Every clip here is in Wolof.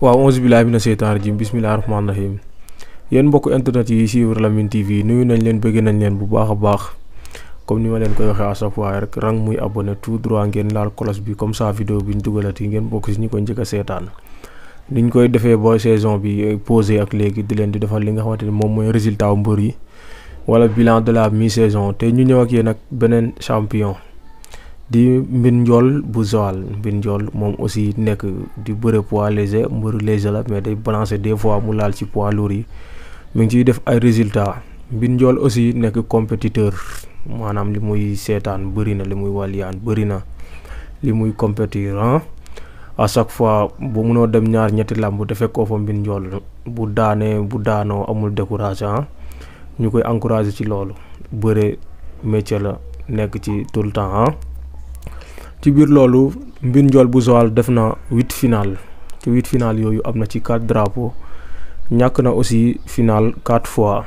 waaw onze billahi mina seytaan rajim bismillahi rahmaani rahim yéen mbokk internet yi suivre Lamyn TV nuyu nañ leen bëgg nañ leen bu baax a baax comme ni ma leen koy waxee à rek rang muy abonné tout droit ngeen laal cloche bi comme sa vidéo bi ñu dugalati ngeen bokk si ñu ko njëkk seetaan niñ koy defee ba saison bi posé ak léegi di leen di defal li nga xamante ni moom mooy résultat mbër yi wala bilan de la mi saison te ñu ñëw ak yéen ak beneen champion di Mbir Ndiol bu Joal Mbir moom aussi nekk di bëre pois léger mbëru léger la mais day balancer des fois mu laal ci pois lourd yi mi ngi ciy def ay résultat Mbir aussi nekk compétiteur maanaam li muy seetaan bëri na li muy wàlliyaan bëri na li muy compétir à chaque fois bu mënoo dem ñaar ñetti làmb de fekkoo fa Mbir Ndiol bu daanee bu daanoo amul découragé ñu koy encouragé ci loolu bëre métier la nekk ci tout le temps ci biir loolu Mbir Njool bu Joal def na huit final ci huit final yooyu am na ci quatre drapeaux ñàkk na aussi final quatre fois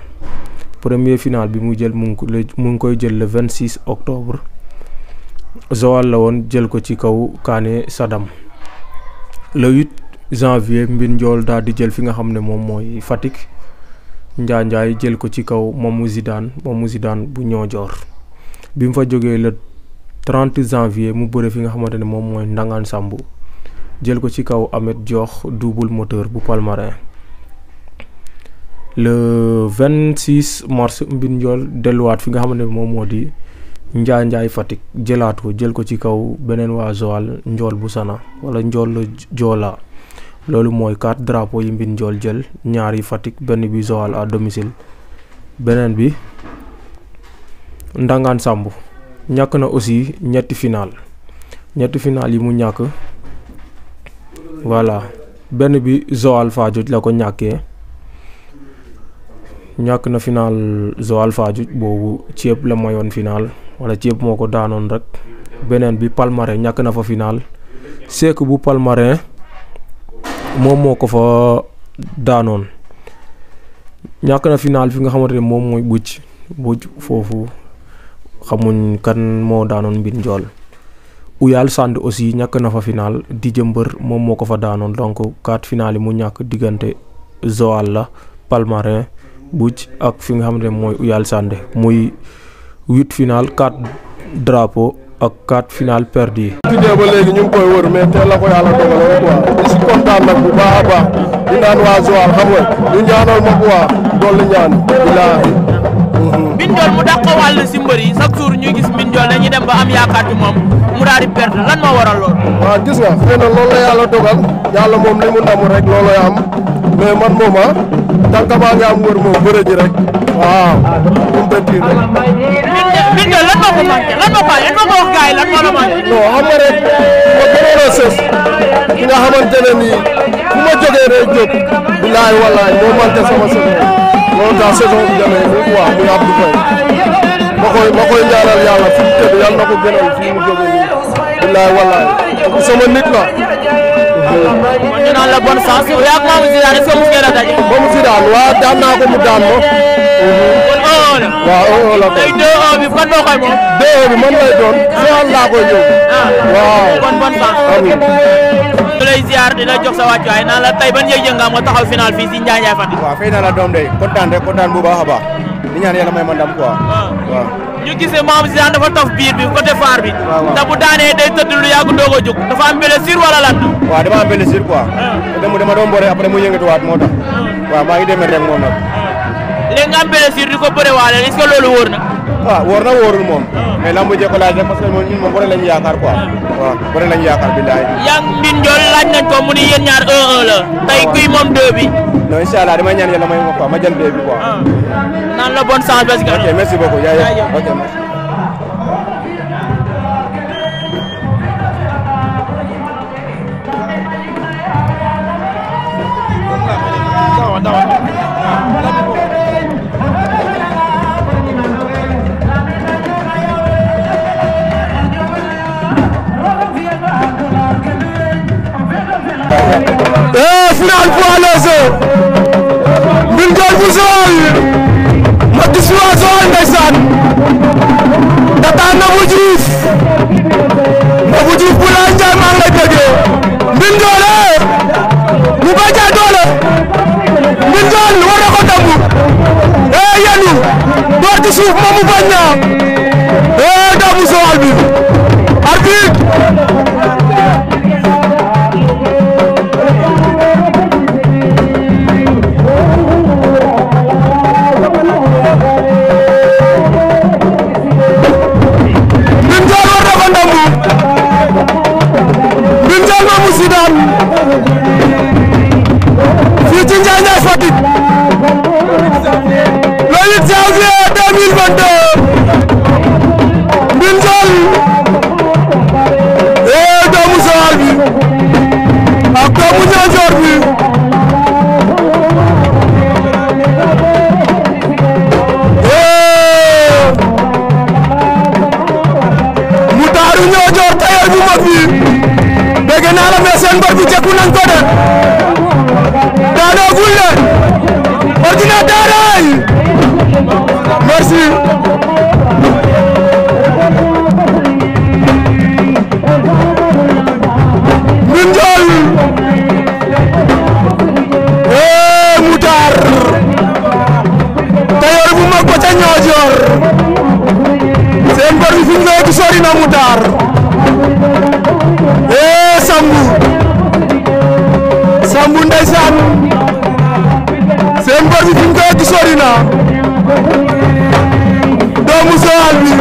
premier final bi mu jël mu ngi koy jël le vingt six octobre Joal la woon jël ko ci kaw Kaane Sadam le huit janvier Mbir Njool daal di jël fi nga xam ne moom mooy Fatick Njaanjaay jël ko ci kaw Mamou Zidane Mamou Zidane bu ñoo joor bi mu fa jógee le 30 janvier mu bëre fi nga xamante ne moom mooy Ndangaan Sambu jël ko ci kaw Amet jox double moteur bu Palmarin le 26 mars Mbine njool delluwaat fi nga xamante ni moom moo di Njaay Njaay Fatick jëlaat jël ko ci kaw beneen waa Joal Njool bu Sana wala Njool la Joola loolu mooy quatre drapo yi Mbine Ndiol jël ñaari yi benn bi Joal à domicile beneen bi Ndangaan Sambu ñàkk na aussi ñetti final ñetti final yi mu ñàkk voilà benn bi Joal Fadiouth la ko ñàkkee ñàkk na final Joal Fadiouth boobu ceeb la mayoon final wala ceeb moo ko daanoon rek beneen bi Palmarin ñàkk na fa final Seck bu Palmarin moom moo ko fa daanoon ñàkk na final fi nga xamante ne moom mooy bucc bucc foofu xamuñ kan moo daanoon mbir njool Ouyal Sand aussi ñakk na fa final di jëmbër moom moo ko fa daanoon donc quatre final mu ñàkk diggante Joal la Palmarin Buj ak fi nga xam ne mooy Ouyal Sand muy huit final quatre drapeau ak quatre final perdu yi. ba léegi ñu koy wër mais teel la ko yàlla dogalee quoi. dolli ñaan bilaahi Mbinjool mu dàq wàll si mbër yi chaque jour ñuy gis Mbinjool dañuy dem ba am yaakaar moom mu daal di lan moo waral lool. waaw gis nga xëy na loolu la yàlla dogal yàlla moom li mu namu rek loolu am mais man moom ah tànk maa ngi am wër moom bëre ji rek waaw compétir rek. Mbinjool lan moo ko manqué lan moo ko lan moo ko wax gars yi lan moo la manqué. non xam nga rek ma gënoon a sës ki nga xamante ne nii ma jógee rek jóg bilaay walaay moo manqué loolu daal saison bi demee bu waaw muy ma koy ma koy ñaanal yàlla fi mu tëdd yàlla na ko gënal fi mu jógee nii. billaay wallaay sama nit la. kon ñu mu ngi la daan naa ko mu daan ma. kon 1-1 la. man lay doon. 1-1 laa koy ñëw. Ah. waaw kon bonne jaar di la jox sa wàccuwaay naan la tay ban yëg nga mo taxaw final fi si Ndiaye Ndiaye Fatick. fay la dom day kontaan rek kontaan bu baakha baax ni ñaan yalla may man dam quoi. Ah. wa ñu gisee moom Zidane dafa tof biir bi côté far bi. da bu daanee day teud lu yàgg dogo juk dafa am blessure wala lat wa dama am blessure quoi. Ah. te mu dama doon boole après mu yëngatuwaat moo tax. Ah. wa ma ngi demee rek moom nak le nga am blessure di ko bëre est-ce que loolu wóor Ah, warna warna na mais lambu jee ko laaj rek parce que ñun quoi yang din jol laaj nañ ko mu ni yéen ñaar 1 1 la kuy 2 bi non inshallah dama ñaan yàlla may ma ma jël 2 bi quoi ah. nan la bonne chance parce que ok merci beaucoup yaay ok merci Давай, давай. nee naa la mais seen mbër bi jekku nañ ko de daanoo gul leen ordinateur ay merci seen mbër bi fi mu koy sori na doomu Joal bi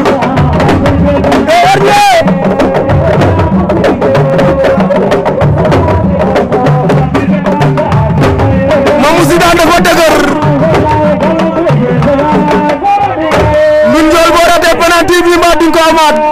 Mamou Zidane dafa dëgër Ndoundiol boo ratee penalty bi mbaa duñ ko amaat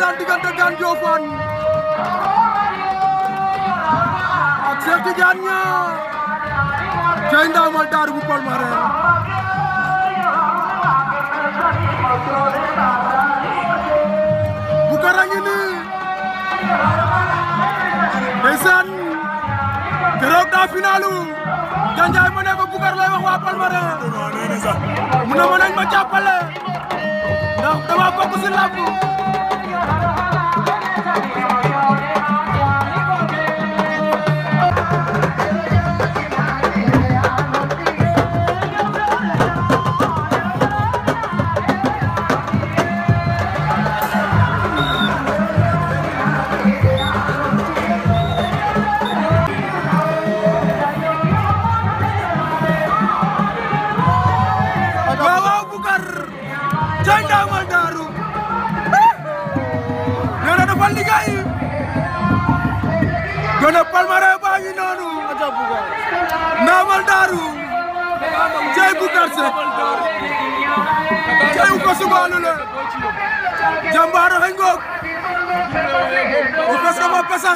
dan digantikan Jovan aksi kejarnya Jendang Maldar Bupal Maren Bukarang ini Besan, Gerok dah finalu Janjai mana ko bukar lewat wapal Maren Mana mana yang macam apa le Dah aku kusin lapu her her Boucar Seck cey ko subalu le jambaar xe ngoog o fas o